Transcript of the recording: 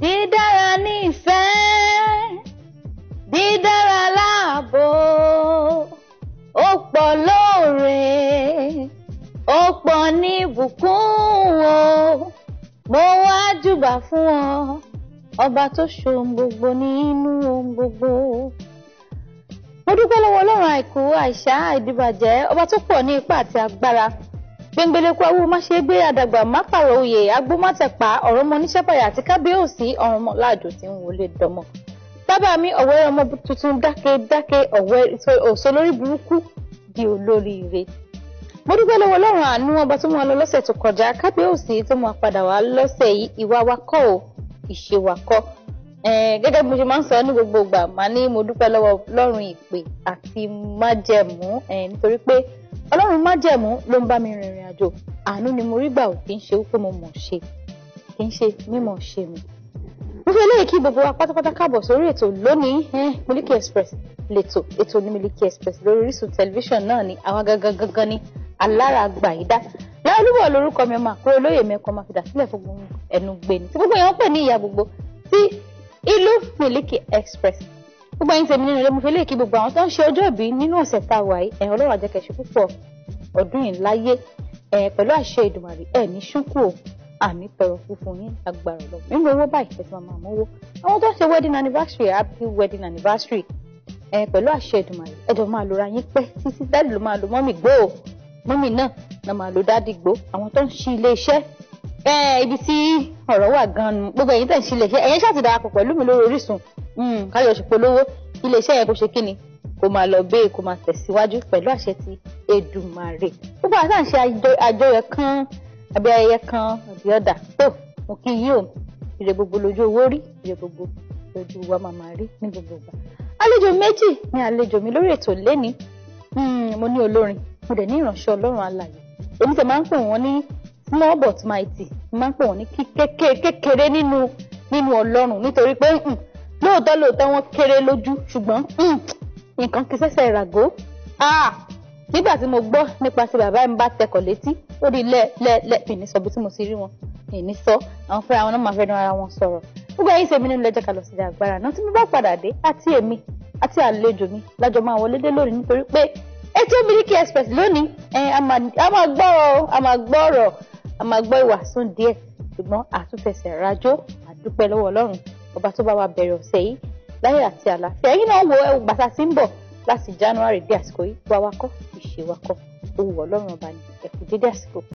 dídára ní ìfẹ́ dídára láàbò ó pọ̀ lóore ó pọ̀ ní ìbùkún o mo wá júbà fún ọ ọba tó ṣohun gbogbo nínú ohun gbogbo mo dúpẹ́ lọ́wọ́ ọlọ́run àìkú àìṣá àìdíbàjẹ́ ọba tó pọ̀ ní ipá àti agbára gbẹngbẹlẹkú awú má ṣe gbé àdàgbà má pààrọ̀ oyè agbómátẹpá ọ̀rọ̀ ọmọ oníṣẹpàyà àti kábíyèsí ọrùn ọmọ tí ń wọlé dọmọ. bàbá mi ọ̀wẹ́ ọmọ tuntun dákẹ́ dákẹ́ ọ̀wẹ́ òṣò lórí burúkú di olóríire. mo dúpẹ́ lọ́wọ́ ọlọ́run àánú ọba tó mú wa lọ lọ́sẹ̀ tó kọjá kábíyèsí tó mú wa padà wá lọ́sẹ̀ yìí ìwà wa kọ́ ò ìṣe wa kọ́ gẹ́gẹ́ bí mo ṣe máa ń sọ ní gbogbo ìgbà màá ní mo dúpẹ́ lọ́wọ́ ọlọ́run ìpè àti májẹ̀mú nítorí pé ọlọ́run májẹ̀mú ló ń bá mi rìnrìn àjò àánú ni mo rí gbà ò kì í ṣe wípé mo mọ̀ ṣe kì í ṣe mímọ̀ ṣe mi. mo fi eléyìí kí gbogbo wa pátápátá káàbọ̀ sórí ètò lónìí Miliki Express lètò ètò ní Miliki Express lórí Orísun tẹlifíṣàn náà ni àwa gangan gangan ni alára àgbà yìí dá láìlúwọ̀ lórúkọ mi máa kúrò lóye mẹ́kọ́ máa fi dà sílẹ̀ fún gbogbo ẹnu gbé ni tí gbogbo èèyàn pè ní ìyá gbogbo tí ìlú Miliki Express gbogbo ẹ̀yin tèmi nínú ilé mo fi lè kí gbogbo àwọn tó ń ṣe ọjọ́ ìbí nínú ọ̀sẹ̀ tá a wà yìí ẹ̀rọ ọlọ́run àjẹkẹ̀ṣe púpọ̀ ọdún yìí láyé pẹ̀lú àṣẹ ìdùmàrè ẹ̀ ní ṣúnkù o àmì tọrọ funfun yín agbára lọ nínú owó báyìí ẹ̀sìn máa mú owó àwọn tó ṣe wedding anniversary happy wedding anniversary pẹ̀lú àṣẹ ìdùmàrè ẹ̀jọ̀ máa lora yín pẹ́ títí dáàdì ló máa lo mọ́mì gbó o mọ́mì náà náà máa lo dáàdì gbó àwọn tó ń ṣí ilé iṣẹ́ ibi tí ọ̀rọ̀ wà gan-an gbogbo ẹ̀yin tẹ̀ ń ṣí ilé iṣẹ́ ẹ̀yin ṣàtìdá pọ̀ pẹ̀lú mi lórí Orísun Hmm, káyọ̀ ṣèpolówó iléeṣẹ́ yẹn kò ṣe kí ni kó máa lọ bẹ́ẹ̀ kó máa tẹ̀síwájú pẹ̀lú àṣẹ ti Èdùmàrè gbogbo àti àṣẹ àjọyọ̀ kan àbí ayẹyẹ kan àbí ọ̀dà tó mo kí yín o ire gbogbo lójú owó rí ire gbogbo lójú wa màmá rí ní gbogbo ìgbà àlejò méjì ni àlejò mi lórí ètò lẹ́ni hmm, mo ní olórin mo dẹ̀ ní ìránṣẹ́ ọlọ́run alààyè èmi tẹ̀ máa ń pè wọ́n ní small but mighty máa ń pè wọ́n ní kékeré nínú nínú ọlọ́run nítorí pé hmm, lóòótọ́ lóòótọ́ wọ́n kéré lójú ṣùgbọ́n hmm, nǹkan kì í ṣẹ̀ṣẹ̀ ràgó ah, nígbà tí mo gbọ́ nípasẹ̀ bàbá mi bá tẹkọ̀ létí ó di lẹ́ lẹ́ lẹ́ mi ní sọ bí tí mo ti rí wọn mi ní sọ àwọn fúnra wọn náà máa fẹ́ nu ara wọn sọ̀rọ̀ gbogbo ẹ̀yin ṣèmi nínú lẹ́jọ́ kalọ̀ sí agbára náà tí mo bá padà dé àti èmi àti àlejò mi lájọ máa wọlé dé lónìí nítorí pé ètò Miliki Express lónìí a máa gbọ́ a máa gbọ́ ọ̀rọ̀ a máa gbọ́ ìwàásù díẹ̀ ṣùgbọ́n àtúnfẹsẹ̀ rájò àdúpẹ́ lọ́wọ́ Ọlọ́run ọba tó bá wa bẹ̀rẹ̀ ọ̀sẹ̀ yìí láyé àti àlàáfíà ẹ̀yin náà wo ẹ̀wù gbàtà tí ń bọ̀ láti January dé àsìkò yìí wá wakọ́ ìṣe wakọ́ òwò ọlọ́run ọba ni ẹ̀kú dídé àsìkò.